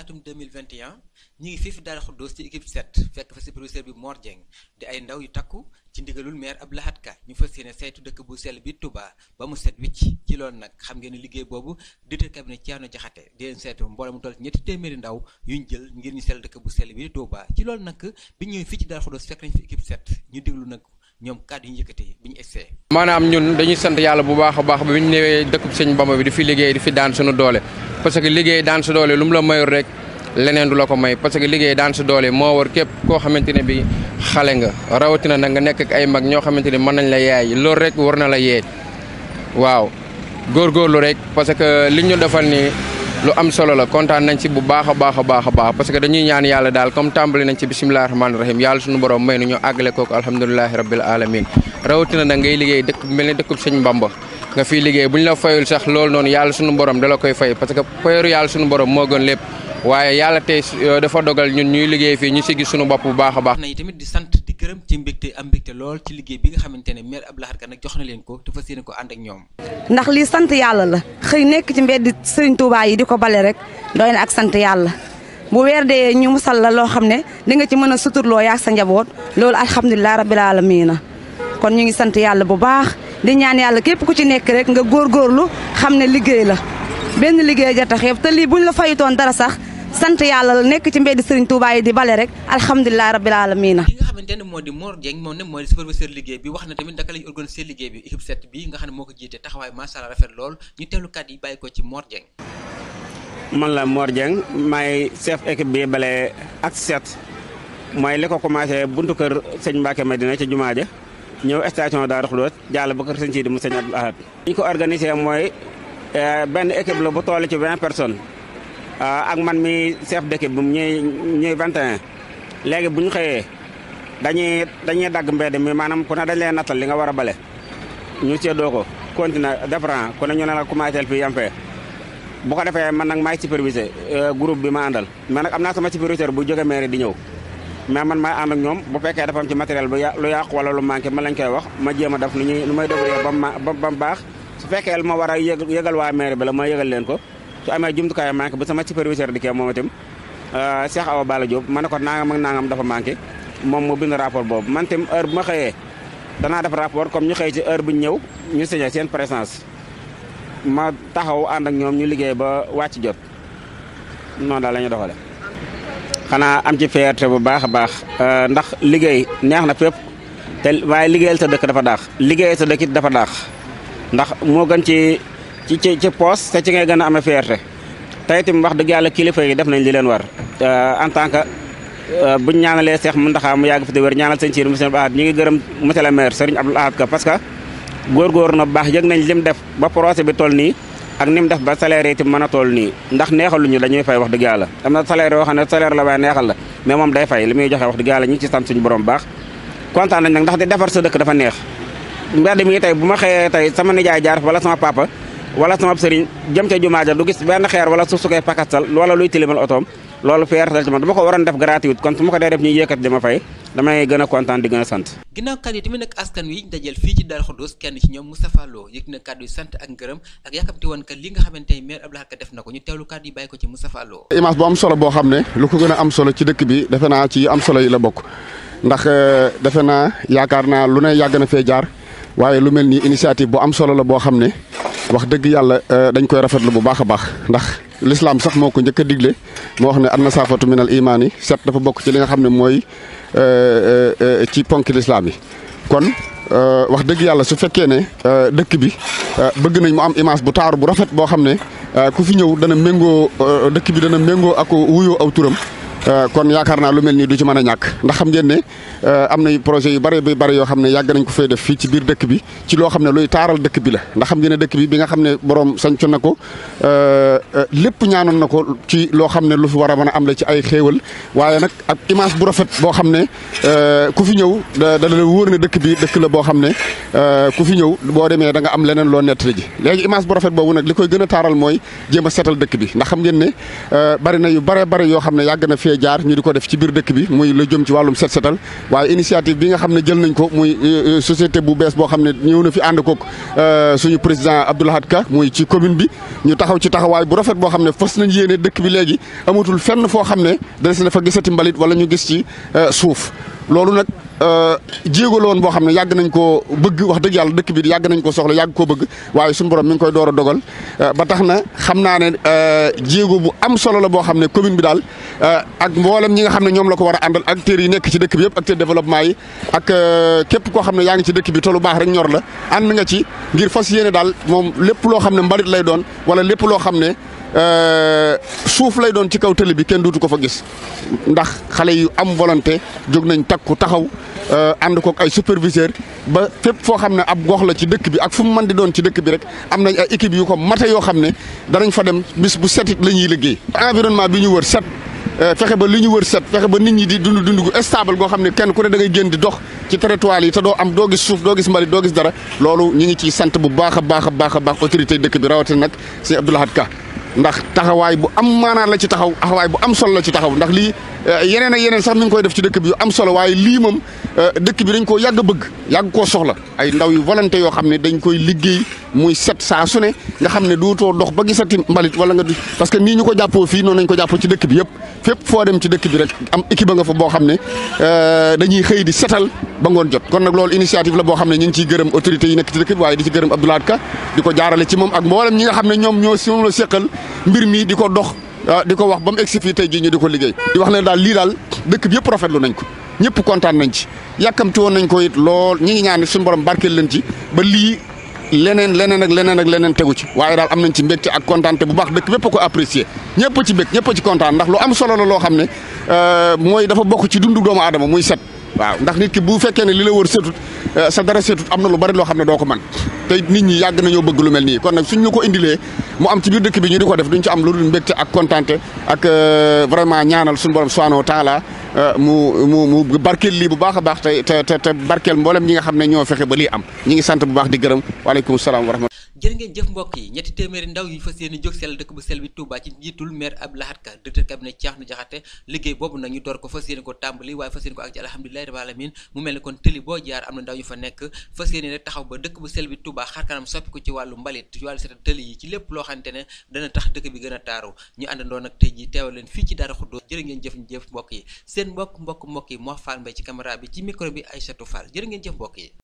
atum 2021 ñi ngi fii fi Daaru Xuddoos ci équipe 7 fekk fa superviseur bi Mor Dieng ay ndaw yu takku ci ndigalul maire Abdou Lahad Ka ñu fas yéene saytu dëkk bu sel bi Touba ba mu set wicc ci lool nag xam ngeen liggéey boobu directeur cabinet Thierno Diakhaté di leen saytu mboolem mu toll ci ñetti téeméeri ndaw yuñ jël ngir ñu sell dëkk bu sell bi Touba ci lool nag bi ñëwee fii ci Daaru Xuddoos fekk nañ fi équipe 7 ñu déglu nag ñoom kàddu yi ñu yëkkatee bi ñu egsee maanaam ñun dañuy sant yàlla bu baax a baax bi ñu newee dëkkub sëñ Bamba bi di fi liggéey di fi daan suñu doole parce liggéey daan sa doole lu la mayul rek leneen du la ko may parce liggéey daan sa doole moo war képp koo xamante ne bi xale nga rawatina nag nga nekk ak ay mag ñoo xamante ne mën nañ la yaay lool rek war na la yee waaw góorgóorlu rek parce li ñu defal nii lu am solo la kontaan nañ ci bu baax a baax a baax a baax parce que dañuy ñaan yàlla daal comme tàmbali nañ ci bisimilah rahmaani rahim yàlla suñu borom may nu ñu àggale kooku alhamdulilahi rabil alamin rawatina nag ngay liggéey dëkk mel ni dëkkub sëñ Bamba nga fiy liggéey bu ñu la fayul sax loolu noonu yàlla suñu borom dala koy fay parce que yàlla suñu borom moo gën lépp waaye yàlla tey euh, dafa dogal ñun ñuy liggéey fii ñu si gis suñu bu baax baax. gërëm ci mbégte am mbégte ndax lii sant yàlla la xëy nekk ci mbedd Serigne Touba yi di ko bale rek doy na ak sant yàlla bu weer dee ñu musal la loo xam ne di nga ci mën a suturloo yaag sa njaboot loolu alhamdulilah rabbil aalamiina kon ñu ngi sant yàlla bu baax di ñaan yàlla képp ku ci nekk rek nga góor góorgóorlu xam ne liggéey la benn liggéey ja tax yëpp te lii buñ la fayutoon dara sax sant yàlla la nekk ci mbedd Serigne Touba yi di bale rek alhamdulilah rabbil alamina ki nga xamante ne moo di Mor Dieng moom ne mooy superviseur liggéey bi wax na tamit naka la ñu organiser liggéey bi équipe 7 bi nga xam ne moo ko jiite taxawaay macha allah rafet lool ñu ko ci Mor man la Mor Dieng maay chef équipe bi bale ak 7 mooy li ko commencé buntu kër sëñ Mbacke Madina ci jumaa ja ñëw station Darou Khoudoss jàll ba kër sëñ Sidi mu sëñ Abdou ko organisé mooy eh, benn équipe la bu toll ci personne personnes. Ah, ak man mi chef d'équipe bu ñëy ñëy 21 léegi bu ñu xëyee dañuy dañuy dag mbéd mi manam ku na dañ lay natal li nga wara balé bale ci do ko continué dépran ku na ñu na la commencé fi yam fee bu ko défé man may maay supervisé euh, groupe bi ma andal man nak amna sama superviseur bu joggé maire di ñëw mais man maay and ak ñom bu féké dafa am ci matériel bu ya-, lu yaq wala lu manké ma lañ koy wax ma jéem a def nu ñuy lu may débrouiller ba ba baax su el ma wara yégal wa maire bi la ma yégal len ko su jumtu kay manke bu sama superviseur dikkee ya, moom euh Cheikh Awa Bala Diop ma ko nangam ak nangam dafa manke mom mo bind rapport bob man itam heure ma xëyee dana def rapport comme ñu xey ci heure bu ñew ñu signé sen présence ma taxaw and ak ñom ñu liggéey ba wacc jot non da lañu doxale xana am ci fierté bu baax baax euh ndax liggéey neex na fépp te waye liggéeyal sa dëkk dafa daax liggéeyal sa dëkk dafa daax ndax mo gën ci ci ci ci poos te ci ngay gëna am fierté tay tim wax deug yalla kilifa yi def nañ li leen war euh en tant que euh, bu ñaanalee Cheikh mundakha mu yag fi de wér ñaanal señ ciir monsieur Abdoul ñi ngi gëreum monsieur le maire Serigne abdou Ahad Ka parce que gor gor na bax yëg nañ lim def ba projet bi toll ni ak nim def ba salaire itam mëna toll ni ndax neexalu ñu dañuy fay wax deug yalla amna salaire yo xamne salaire la bay neexal la mais mom day fay li joxe wax deug yalla ñi ci sant suñu borom bax content nañ nak ndax di defar sa dekk dafa neex mbedd mi tay buma xeye tay sama nijaay jaar wala sama papa wala sama sëriñ jëm ca jumaa ja du gis benn xeer wala suuf su koy pakastal wala luy tilimal otoom loolu feertal ci man dama ko waroon def gratuite kon su ma ko dee def ñuy a a sant ginnaaw kàddu fii ci Darou kenn ci ñoom Moustapha Lo yëg na kàddu yi sant ak ngërëm ak yàkkamti woon kat li nga xamante ni maire Abdou na ko ñu teewlu kàddu yi bàyyi ko ci Moustapha Lo image bu am solo boo xam ne lu ko gën a am solo ci dëkk bi defe naa ci am solo yi la bokk ndax euh, defe naa yaakaar naa lu ne yàgg na fee jaar waaye lu mel ni initiative boo am solo la boo xam ne wax dëgg yàlla euh, dañ koy rafet rafetlu bu baax a baax ndax lislaam sax moo ko njëkk a digle moo wax ne saa nasaafatu minal imaan yi set dafa bokk ci li nga xam ne mooy euh, euh, ci ponk lislaam yi kon wax dëgg yàlla su fekkee ne dëkk bi bëgg nañ mu am image bu taaru bu rafet boo xam ne ku fi ñëw dana méngoo dëkk bi dana méngoo ak wuyoo aw turam Euh, kon yaakaar naa lu mel nii du ci mën a ñàkk ndax xam ngeen ne euh, am na projet yu bari bari yoo xam ne yàgg nañ ko fay def fii ci biir dëkk bi ci loo xam ne luy taaral dëkk bi la ndax ne dëkk bi bi nga ne borom sanc na ko euh, lépp ñaanoon na ko ci loo xam ne lu fi war a mën a am la ci ay xéewal waaye nag ak image bu rafet boo xam ne ku fi ñëw da da la ne dëkk bi dëkk la boo xam ne ku fi ñëw boo demee da am leneen loo nettali ji léegi image bu rafet boobu nag li koy gën a taaral mooy jéem dëkk bi ndax xam ngeen ne bari na yu bare bari yoo xam ne yàgg na fee jaar ñu di ko def ci biir dëkk bi muy la jëm ci wàllum set setal waaye initiative bi nga xam ne jël nañ ko muy euh, euh, société bu bees boo xam ne ñëw na fi ànd kook euh, suñu président Abdoulahad Ka muy ci commune bi ñu taxaw ci taxawaay bu rafet boo xam ne fas nañ yéene dëkk bi léegi amatul fenn foo xam ne danes na fa gisati mbalit wala ñu gis ci suuf loolu nag euh, jéego la woon boo xam ne yàgg nañ ko bëgg wax dëgg yàlla dëkk bi yàgg nañ ko soxla yàgg koo bëgg waaye suñu borom mi ngi koy door dogal euh, ba tax na xam naa ne euh, jéego bu am solo la boo xam ne commune bi daal ak mboolem ñi nga xam ne ñoom la ko war a àndal acteurs yi nekk ci dëkk bi yëpp acteurs développement yi ak képp koo xam ne yaa ngi ci dëkk bi te lu baax rek ñor la ànd nga ci ngir fas yéene daal moom lépp loo xam ne mbalit lay doon wala lépp loo xam ne Euh, suuf lay doon ci kaw tëli bi kenn duutu ko fa gis ndax xale yu am volonté jóg nañ takku taxaw euh, ànd ko ay superviseur ba fépp foo xam ne ab gox la ci dëkk bi ak fu mu mën di doon ci dëkk bi rek am nañ ay équipe yu ko yoo xam ne danañ fa dem bis bu setit la ñuy liggéey environnement bi ñu wër set euh, fexe ba li ñu wër set fexe ba nit ñi di dund dund gu stable goo xam ne kenn ku ne da ngay génn di dox ci territoire yi te doo am doo gis suuf doo gis mbalit doo gis dara loolu ñu ngi ciy sant bu baax a baax a a baax autorité dëkk bi rawatina nag si Abdoulahad Ka ndax taxawaay bu am maanaan la ci taxaw taxawaay bu am solo la ci taxaw ndax lii eh, yeneen ak yeneen sax mi ngi koy def ci dëkk bi yu am solo waaye lii moom Euh, dëkk bi dañ ko yàgg bëgg yàgg koo soxla ay ndaw yu volonté yoo xam ne dañ koy liggéey muy set saa su ne nga xam ne duutoo dox ba gisati mbalit wala nga parce que nii ñu ko jàppoo fii noonu nañ ko jàppo ci dëkk bi yëpp fépp foo dem ci dëkk bi rek am équipe nga fa boo xam ne euh, dañuy xëy di setal ba ngoon jot kon nag loolu initiative la boo xam ne ñu ngi ciy gërëm autorités yi nekk ci dëkk bi waaye di ci gërëm Abdoulaye Ka di ko jaarale ci moom ak mboolem ñi nga xam ne ñoom ñoo si la seqal mbir mi di ko dox ah, di ko wax ba mu egsi fii tey jii ñu di ko liggéey di wax ne daal lii daal dëkk bi yëpp nañ ko ñëpp kontaan nañ ci yàkkamti woon nañ ko it lool ñi ngi ñaan suñu borom barkeel leen ci ba lii leneen leneen ak leneen ak leneen tegu ci waaye daal am nañ ci mbégte ak kontaante bu baax dëkk bépp ko apprécier ñëpp ci bég ñëpp ci kontaan ndax lu am solo la loo xam ne euh, mooy dafa bokk ci dundu doomu aadama muy set waaw ndax nit ki bu fekkee ne li la wër seetut eh, sa dara seetut am na lu bari loo xam ne doo ko man te nit ñi yàgg nañoo bëgg lu mel nii kon nag suñ la ko indilee mu am ci biir dëkk bi ñu di ko def duñ ci am loolu lu dul mbégte ak kontaante ak eh, vraiment ñaanal suñu borom subhanahu wa taala eh, mu mu mu barkeel lii bu baax a baax te te te barkeel mboolem ñi nga xam ne ñoo fexe ba lii am ñi ngi sant bu baax di gërëm waaleykum salaam wa jër ngeen jëf mbokk yi ñetti téeméeri ndaw yi fas yéene jóg sell dëkk bu sell bi Touba ci njiitul maire Abdou Lahad Ka directeur cabinet Cheikhna Diakhaté liggéey boobu nag ñu door ko fas yéene ko tàmbali waaye fas yéene ko ak ci alhamdulilahi rabbil alamin mu jaar am na ndaw nekk fas yéene rek taxaw ba dëkk bu sell bi Touba xar kanam ko ci wàllu mbalit ci wàllu seta lépp loo xamante ne dana tax dëkk bi gën a taaru ñu àndandoo nag tey ji teewal leen fii ci Darou Khoudoss jërë ngeen jëf ñu jëf mbokk yi seen mbokk mbokk mbokk yi moo Fall Mbaye ci caméra bi ci micro bi Aïssatou Fall jërë ngeen jëf mbokk yi